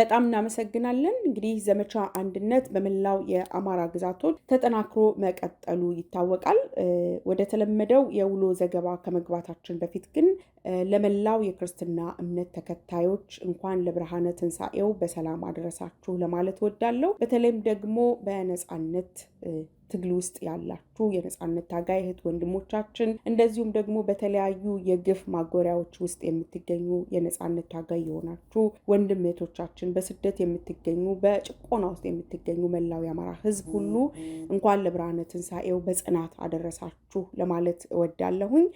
በጣም እናመሰግናለን። እንግዲህ ዘመቻ አንድነት በመላው የአማራ ግዛቶች ተጠናክሮ መቀጠሉ ይታወቃል። ወደ ተለመደው የውሎ ዘገባ ከመግባታችን በፊት ግን ለመላው የክርስትና እምነት ተከታዮች እንኳን ለብርሃነ ትንሣኤው በሰላም አድረሳችሁ ለማለት ወዳለሁ። በተለይም ደግሞ በነፃነት ትግል ውስጥ ያላችሁ የነጻነት ታጋይ እህት ወንድሞቻችን እንደዚሁም ደግሞ በተለያዩ የግፍ ማጎሪያዎች ውስጥ የምትገኙ የነጻነት ታጋይ የሆናችሁ ወንድም እህቶቻችን፣ በስደት የምትገኙ በጭቆና ውስጥ የምትገኙ መላው የአማራ ሕዝብ ሁሉ እንኳን ለብርሃነ ትንሣኤው በጽናት አደረሳችሁ ለማለት እወዳለሁኝ።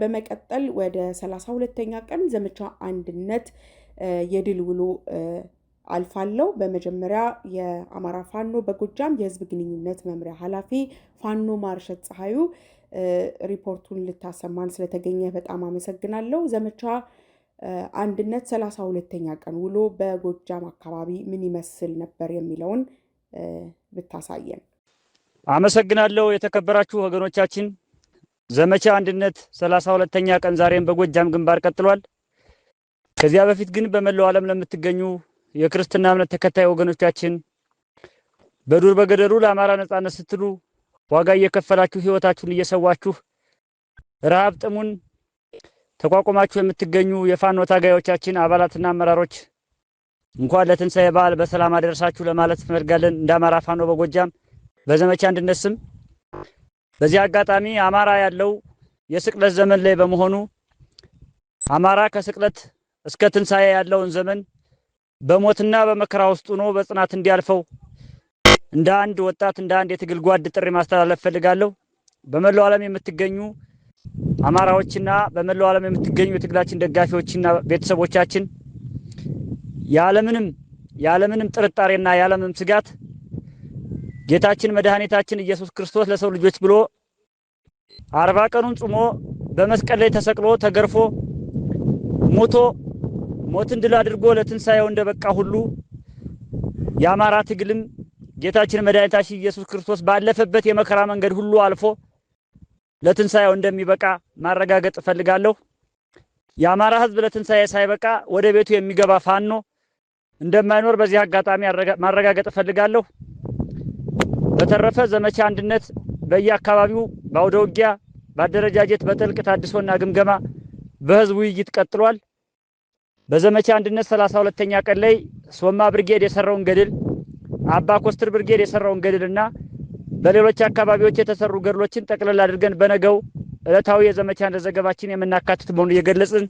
በመቀጠል ወደ ሰላሳ ሁለተኛ ቀን ዘመቻ አንድነት የድል ውሎ አልፋለው። በመጀመሪያ የአማራ ፋኖ በጎጃም የህዝብ ግንኙነት መምሪያ ኃላፊ ፋኖ ማርሸት ፀሐዩ ሪፖርቱን ልታሰማን ስለተገኘ በጣም አመሰግናለሁ። ዘመቻ አንድነት ሰላሳ ሁለተኛ ቀን ውሎ በጎጃም አካባቢ ምን ይመስል ነበር የሚለውን ብታሳየን። አመሰግናለሁ። የተከበራችሁ ወገኖቻችን ዘመቻ አንድነት ሰላሳ ሁለተኛ ቀን ዛሬም በጎጃም ግንባር ቀጥሏል። ከዚያ በፊት ግን በመላው ዓለም ለምትገኙ የክርስትና እምነት ተከታይ ወገኖቻችን በዱር በገደሉ ለአማራ ነጻነት ስትሉ ዋጋ እየከፈላችሁ ህይወታችሁን እየሰዋችሁ ረሃብ ጥሙን ተቋቁማችሁ የምትገኙ የፋኖ ታጋዮቻችን አባላትና አመራሮች እንኳን ለትንሣኤ በዓል በሰላም አደረሳችሁ ለማለት እንፈልጋለን። እንደ አማራ ፋኖ በጎጃም በዘመቻ አንድነት ስም በዚህ አጋጣሚ አማራ ያለው የስቅለት ዘመን ላይ በመሆኑ አማራ ከስቅለት እስከ ትንሣኤ ያለውን ዘመን በሞትና በመከራ ውስጥ ሆኖ በጽናት እንዲያልፈው እንደ አንድ ወጣት እንደ አንድ የትግል ጓድ ጥሪ ማስተላለፍ ፈልጋለሁ። በመላው ዓለም የምትገኙ አማራዎችና በመላው ዓለም የምትገኙ የትግላችን ደጋፊዎችና ቤተሰቦቻችን ያለምንም ያለምንም ጥርጣሬና ያለምንም ስጋት ጌታችን መድኃኒታችን ኢየሱስ ክርስቶስ ለሰው ልጆች ብሎ አርባ ቀኑን ጾሞ በመስቀል ላይ ተሰቅሎ ተገርፎ ሞቶ ሞትን ድል አድርጎ ለትንሣኤው እንደበቃ ሁሉ የአማራ ትግልም ጌታችን መድኃኒታችን ኢየሱስ ክርስቶስ ባለፈበት የመከራ መንገድ ሁሉ አልፎ ለትንሣኤው እንደሚበቃ ማረጋገጥ እፈልጋለሁ። የአማራ ሕዝብ ለትንሣኤ ሳይበቃ ወደ ቤቱ የሚገባ ፋኖ እንደማይኖር በዚህ አጋጣሚ ማረጋገጥ እፈልጋለሁ። በተረፈ ዘመቻ አንድነት በየአካባቢው በአውደ ውጊያ፣ በአደረጃጀት፣ በጥልቅ ታድሶና ግምገማ፣ በህዝብ ውይይት ቀጥሏል። በዘመቻ አንድነት 32ኛ ቀን ላይ ሶማ ብርጌድ የሰራውን ገድል አባ ኮስትር ብርጌድ የሰራውን ገድል እና በሌሎች አካባቢዎች የተሰሩ ገድሎችን ጠቅለል አድርገን በነገው እለታዊ የዘመቻ አንድነት ዘገባችን የምናካትት መሆኑ እየገለጽን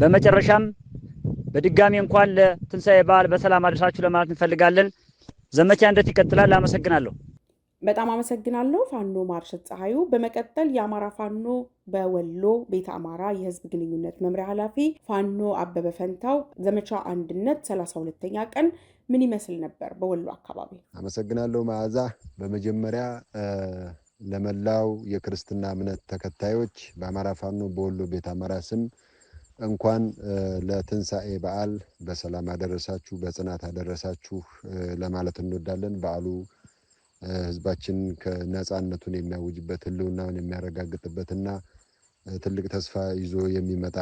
በመጨረሻም በድጋሚ እንኳን ለትንሣኤ በዓል በሰላም አድርሳችሁ ለማለት እንፈልጋለን። ዘመቻ አንድነት ይቀጥላል። አመሰግናለሁ። በጣም አመሰግናለሁ ፋኖ ማርሸት ፀሐዩ። በመቀጠል የአማራ ፋኖ በወሎ ቤተ አማራ የህዝብ ግንኙነት መምሪያ ኃላፊ ፋኖ አበበ ፈንታው ዘመቻ አንድነት 32 ሁለተኛ ቀን ምን ይመስል ነበር በወሎ አካባቢ? አመሰግናለሁ መዓዛ። በመጀመሪያ ለመላው የክርስትና እምነት ተከታዮች በአማራ ፋኖ በወሎ ቤተ አማራ ስም እንኳን ለትንሣኤ በዓል በሰላም አደረሳችሁ፣ በጽናት አደረሳችሁ ለማለት እንወዳለን። በዓሉ ህዝባችን ከነጻነቱን የሚያውጅበት ህልውናውን የሚያረጋግጥበትና ትልቅ ተስፋ ይዞ የሚመጣ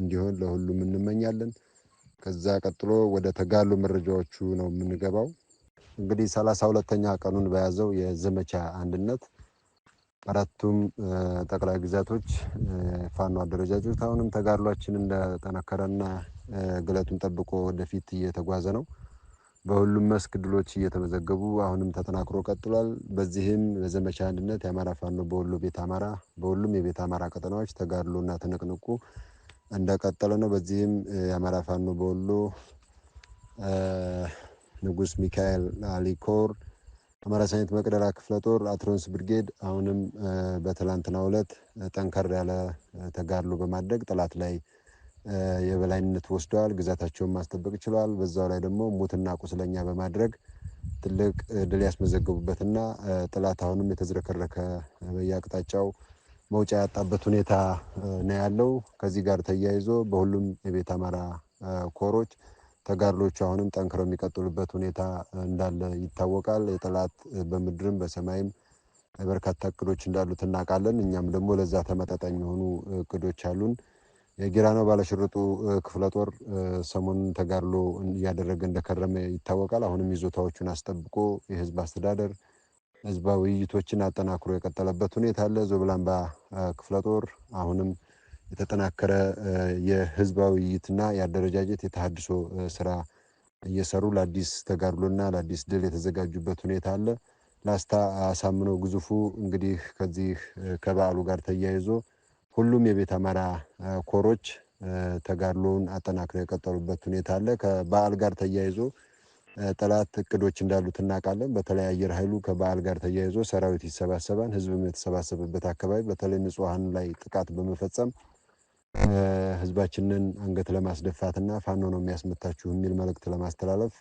እንዲሆን ለሁሉም እንመኛለን። ከዛ ቀጥሎ ወደ ተጋሉ መረጃዎቹ ነው የምንገባው። እንግዲህ ሰላሳ ሁለተኛ ቀኑን በያዘው የዘመቻ አንድነት አራቱም ጠቅላይ ግዛቶች ፋኖ አደረጃጆች አሁንም ተጋድሏችን እንደጠነከረና ግለቱን ጠብቆ ወደፊት እየተጓዘ ነው። በሁሉም መስክ ድሎች እየተመዘገቡ አሁንም ተጠናክሮ ቀጥሏል። በዚህም በዘመቻ አንድነት የአማራ ፋኖ በወሎ ቤት አማራ በሁሉም የቤት አማራ ቀጠናዎች ተጋድሎና ትንቅንቁ እንደቀጠለ ነው። በዚህም የአማራ ፋኖ በወሎ ንጉስ ሚካኤል አሊኮር አማራ ሳይንት መቅደላ ክፍለ ጦር አትሮንስ ብርጌድ አሁንም በትላንትናው ዕለት ጠንከር ያለ ተጋድሎ በማድረግ ጠላት ላይ የበላይነት ወስደዋል፣ ግዛታቸውን ማስጠበቅ ችለዋል። በዛው ላይ ደግሞ ሙትና ቁስለኛ በማድረግ ትልቅ ድል ያስመዘገቡበትና ጥላት አሁንም የተዝረከረከ በየአቅጣጫው መውጫ ያጣበት ሁኔታ ነው ያለው። ከዚህ ጋር ተያይዞ በሁሉም የቤት አማራ ኮሮች ተጋድሎቹ አሁንም ጠንክረው የሚቀጥሉበት ሁኔታ እንዳለ ይታወቃል። የጠላት በምድርም በሰማይም በርካታ እቅዶች እንዳሉት እናውቃለን። እኛም ደግሞ ለዛ ተመጣጣኝ የሆኑ እቅዶች አሉን። የጊራኖ ባለሽርጡ ክፍለ ጦር ሰሞኑን ተጋድሎ እያደረገ እንደከረመ ይታወቃል። አሁንም ይዞታዎቹን አስጠብቆ የህዝብ አስተዳደር ህዝባዊ ውይይቶችን አጠናክሮ የቀጠለበት ሁኔታ አለ። ዞብላምባ ክፍለ ጦር አሁንም የተጠናከረ የህዝባዊ ውይይትና የአደረጃጀት የተሃድሶ ስራ እየሰሩ ለአዲስ ተጋድሎና ለአዲስ ድል የተዘጋጁበት ሁኔታ አለ። ላስታ አሳምኖ ግዙፉ እንግዲህ ከዚህ ከበዓሉ ጋር ተያይዞ ሁሉም የቤት አማራ ኮሮች ተጋድሎውን አጠናክረው የቀጠሉበት ሁኔታ አለ። ከበዓል ጋር ተያይዞ ጠላት እቅዶች እንዳሉት እናውቃለን። በተለይ አየር ኃይሉ ከበዓል ጋር ተያይዞ ሰራዊት ይሰባሰባል። ህዝብም የተሰባሰበበት አካባቢ በተለይ ንጹሐን ላይ ጥቃት በመፈጸም ህዝባችንን አንገት ለማስደፋት እና ፋኖ ነው የሚያስመታችሁ የሚል መልእክት ለማስተላለፍ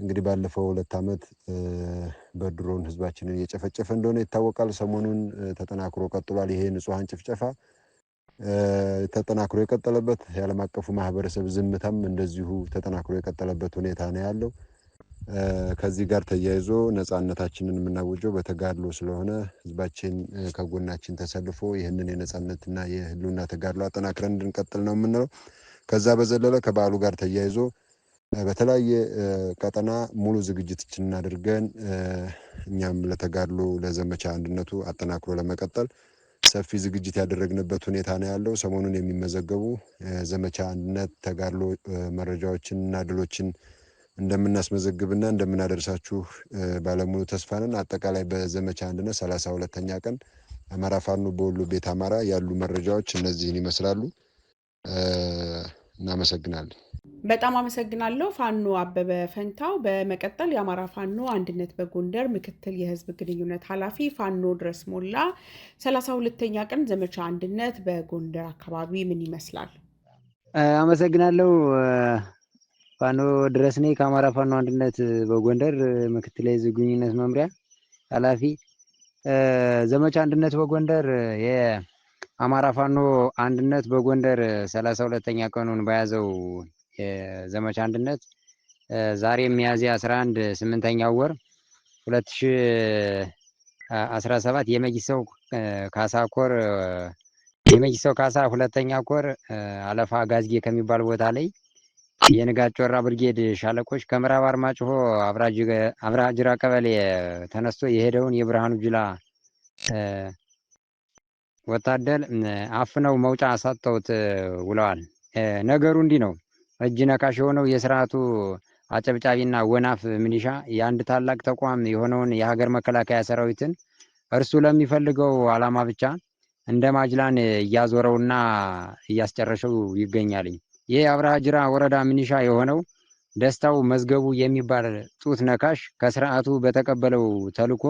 እንግዲህ ባለፈው ሁለት ዓመት በድሮን ህዝባችንን እየጨፈጨፈ እንደሆነ ይታወቃል። ሰሞኑን ተጠናክሮ ቀጥሏል። ይሄ ንጹሐን ጭፍጨፋ ተጠናክሮ የቀጠለበት የዓለም አቀፉ ማህበረሰብ ዝምታም እንደዚሁ ተጠናክሮ የቀጠለበት ሁኔታ ነው ያለው። ከዚህ ጋር ተያይዞ ነፃነታችንን የምናውጀው በተጋድሎ ስለሆነ ህዝባችን ከጎናችን ተሰልፎ ይህንን የነፃነትና የህልውና ተጋድሎ አጠናክረን እንድንቀጥል ነው የምንለው። ከዛ በዘለለ ከበዓሉ ጋር ተያይዞ በተለያየ ቀጠና ሙሉ ዝግጅታችንን አድርገን እኛም ለተጋድሎ ለዘመቻ አንድነቱ አጠናክሮ ለመቀጠል ሰፊ ዝግጅት ያደረግንበት ሁኔታ ነው ያለው። ሰሞኑን የሚመዘገቡ ዘመቻ አንድነት ተጋድሎ መረጃዎችን እና ድሎችን እንደምናስመዘግብና እንደምናደርሳችሁ ባለሙሉ ተስፋ ነን። አጠቃላይ በዘመቻ አንድነት ሰላሳ ሁለተኛ ቀን አማራ ፋኖ በወሎ ቤት አማራ ያሉ መረጃዎች እነዚህን ይመስላሉ። እናመሰግናለን። በጣም አመሰግናለሁ ፋኖ አበበ ፈንታው። በመቀጠል የአማራ ፋኖ አንድነት በጎንደር ምክትል የህዝብ ግንኙነት ኃላፊ ፋኖ ድረስ ሞላ፣ ሰላሳ ሁለተኛ ቀን ዘመቻ አንድነት በጎንደር አካባቢ ምን ይመስላል? አመሰግናለሁ ፋኖ ድረስ ነኝ ከአማራ ፋኖ አንድነት በጎንደር ምክትል የህዝብ ግንኙነት መምሪያ ኃላፊ። ዘመቻ አንድነት በጎንደር አማራ ፋኖ አንድነት በጎንደር ሰላሳ ሁለተኛ ቀኑን በያዘው የዘመቻ አንድነት ዛሬ ሚያዝያ 11 ስምንተኛው ወር 2017 የመጊሰው ካሳ ኮር የመይሰው ካሳ ሁለተኛ ኮር አለፋ ጋዝጌ ከሚባል ቦታ ላይ የንጋት ጮራ ብርጌድ ሻለቆች ከምዕራብ አርማጭሆ አብራጅራ ቀበሌ ተነስቶ የሄደውን የብርሃኑ ጅላ ወታደር አፍነው መውጫ ሰጥተውት ውለዋል። ነገሩ እንዲህ ነው። እጅ ነካሽ የሆነው የስርዓቱ አጨብጫቢና ወናፍ ሚሊሻ የአንድ ታላቅ ተቋም የሆነውን የሀገር መከላከያ ሰራዊትን እርሱ ለሚፈልገው ዓላማ ብቻ እንደ ማጅላን እያዞረውና እያስጨረሸው ይገኛልኝ። ይህ አብርሃ ጅራ ወረዳ ሚኒሻ የሆነው ደስታው መዝገቡ የሚባል ጡት ነካሽ ከስርዓቱ በተቀበለው ተልኮ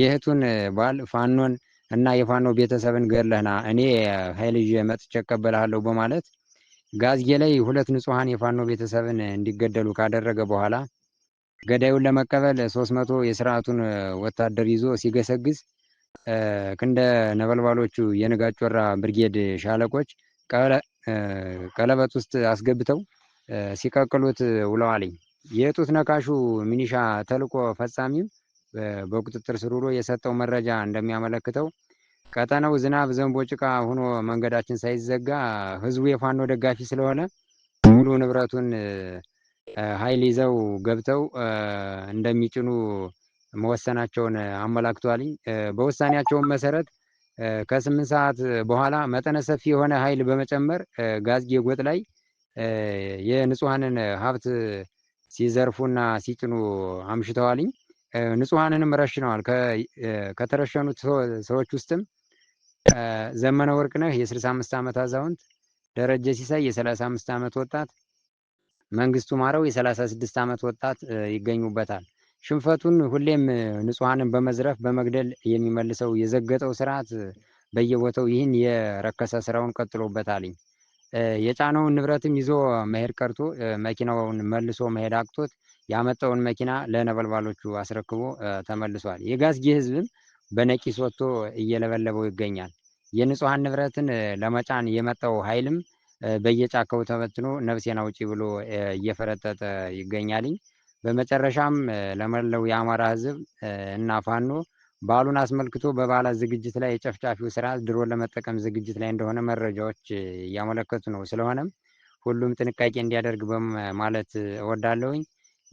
የእህቱን ባል ፋኖን እና የፋኖ ቤተሰብን ገለህና እኔ ኃይል ይዤ መጥቼ እቀበልሃለሁ በማለት ጋዝጌ ላይ ሁለት ንጹሐን የፋኖ ቤተሰብን እንዲገደሉ ካደረገ በኋላ ገዳዩን ለመቀበል ሶስት መቶ የስርዓቱን ወታደር ይዞ ሲገሰግስ ክንደ ነበልባሎቹ የንጋጮራ ብርጌድ ሻለቆች ቀለበት ውስጥ አስገብተው ሲቀቅሉት ውለዋልኝ። የጡት ነካሹ ሚኒሻ ተልቆ ፈጻሚው በቁጥጥር ስር ውሎ የሰጠው መረጃ እንደሚያመለክተው ቀጠናው ዝናብ፣ ዘንቦ፣ ጭቃ ሆኖ መንገዳችን ሳይዘጋ ህዝቡ የፋኖ ደጋፊ ስለሆነ ሙሉ ንብረቱን ኃይል ይዘው ገብተው እንደሚጭኑ መወሰናቸውን አመላክቷልኝ። በውሳኔያቸውን መሰረት ከስምንት ሰዓት በኋላ መጠነ ሰፊ የሆነ ኃይል በመጨመር ጋዝጌ ጎጥ ላይ የንጹሐንን ሀብት ሲዘርፉና ሲጭኑ አምሽተዋልኝ። ንጹሐንንም ረሽነዋል። ከተረሸኑት ሰዎች ውስጥም ዘመነ ወርቅነህ የ65 ዓመት አዛውንት፣ ደረጀ ሲሳይ የ35 ዓመት ወጣት፣ መንግስቱ ማረው የ36 ዓመት ወጣት ይገኙበታል። ሽንፈቱን ሁሌም ንጹሐንን በመዝረፍ በመግደል የሚመልሰው የዘገጠው ስርዓት በየቦታው ይህን የረከሰ ስራውን ቀጥሎበታል። የጫነውን ንብረትም ይዞ መሄድ ቀርቶ መኪናውን መልሶ መሄድ አቅቶት ያመጣውን መኪና ለነበልባሎቹ አስረክቦ ተመልሷል። የጋዝጌ ህዝብም በነቂስ ወጥቶ እየለበለበው ይገኛል። የንጹሐን ንብረትን ለመጫን የመጣው ኃይልም በየጫካው ተበትኖ ነፍሴን አውጪ ብሎ እየፈረጠጠ ይገኛልኝ። በመጨረሻም ለመላው የአማራ ህዝብ እና ፋኖ በዓሉን አስመልክቶ በበዓላት ዝግጅት ላይ የጨፍጫፊው ስራ ድሮን ለመጠቀም ዝግጅት ላይ እንደሆነ መረጃዎች እያመለከቱ ነው። ስለሆነም ሁሉም ጥንቃቄ እንዲያደርግ በማለት እወዳለሁኝ።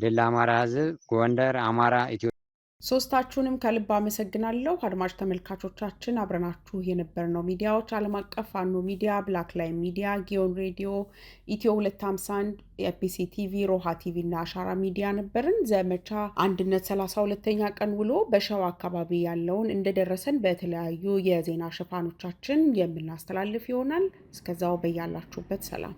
ድል አማራ ህዝብ ጎንደር አማራ! ኢትዮ ሶስታችሁንም ከልብ አመሰግናለሁ። አድማጭ ተመልካቾቻችን አብረናችሁ ነው ሚዲያዎች አለም አቀፍ አኖ ሚዲያ፣ ብላክ ላይን ሚዲያ፣ ጊዮን ሬዲዮ፣ ኢትዮ 251 ኤፒሲ ቲቪ፣ ሮሃ ቲቪ እና አሻራ ሚዲያ ነበርን። ዘመቻ አንድነት ሰላሳ ሁለተኛ ቀን ውሎ በሸዋ አካባቢ ያለውን እንደደረሰን በተለያዩ የዜና ሽፋኖቻችን የምናስተላልፍ ይሆናል። እስከዛው በያላችሁበት ሰላም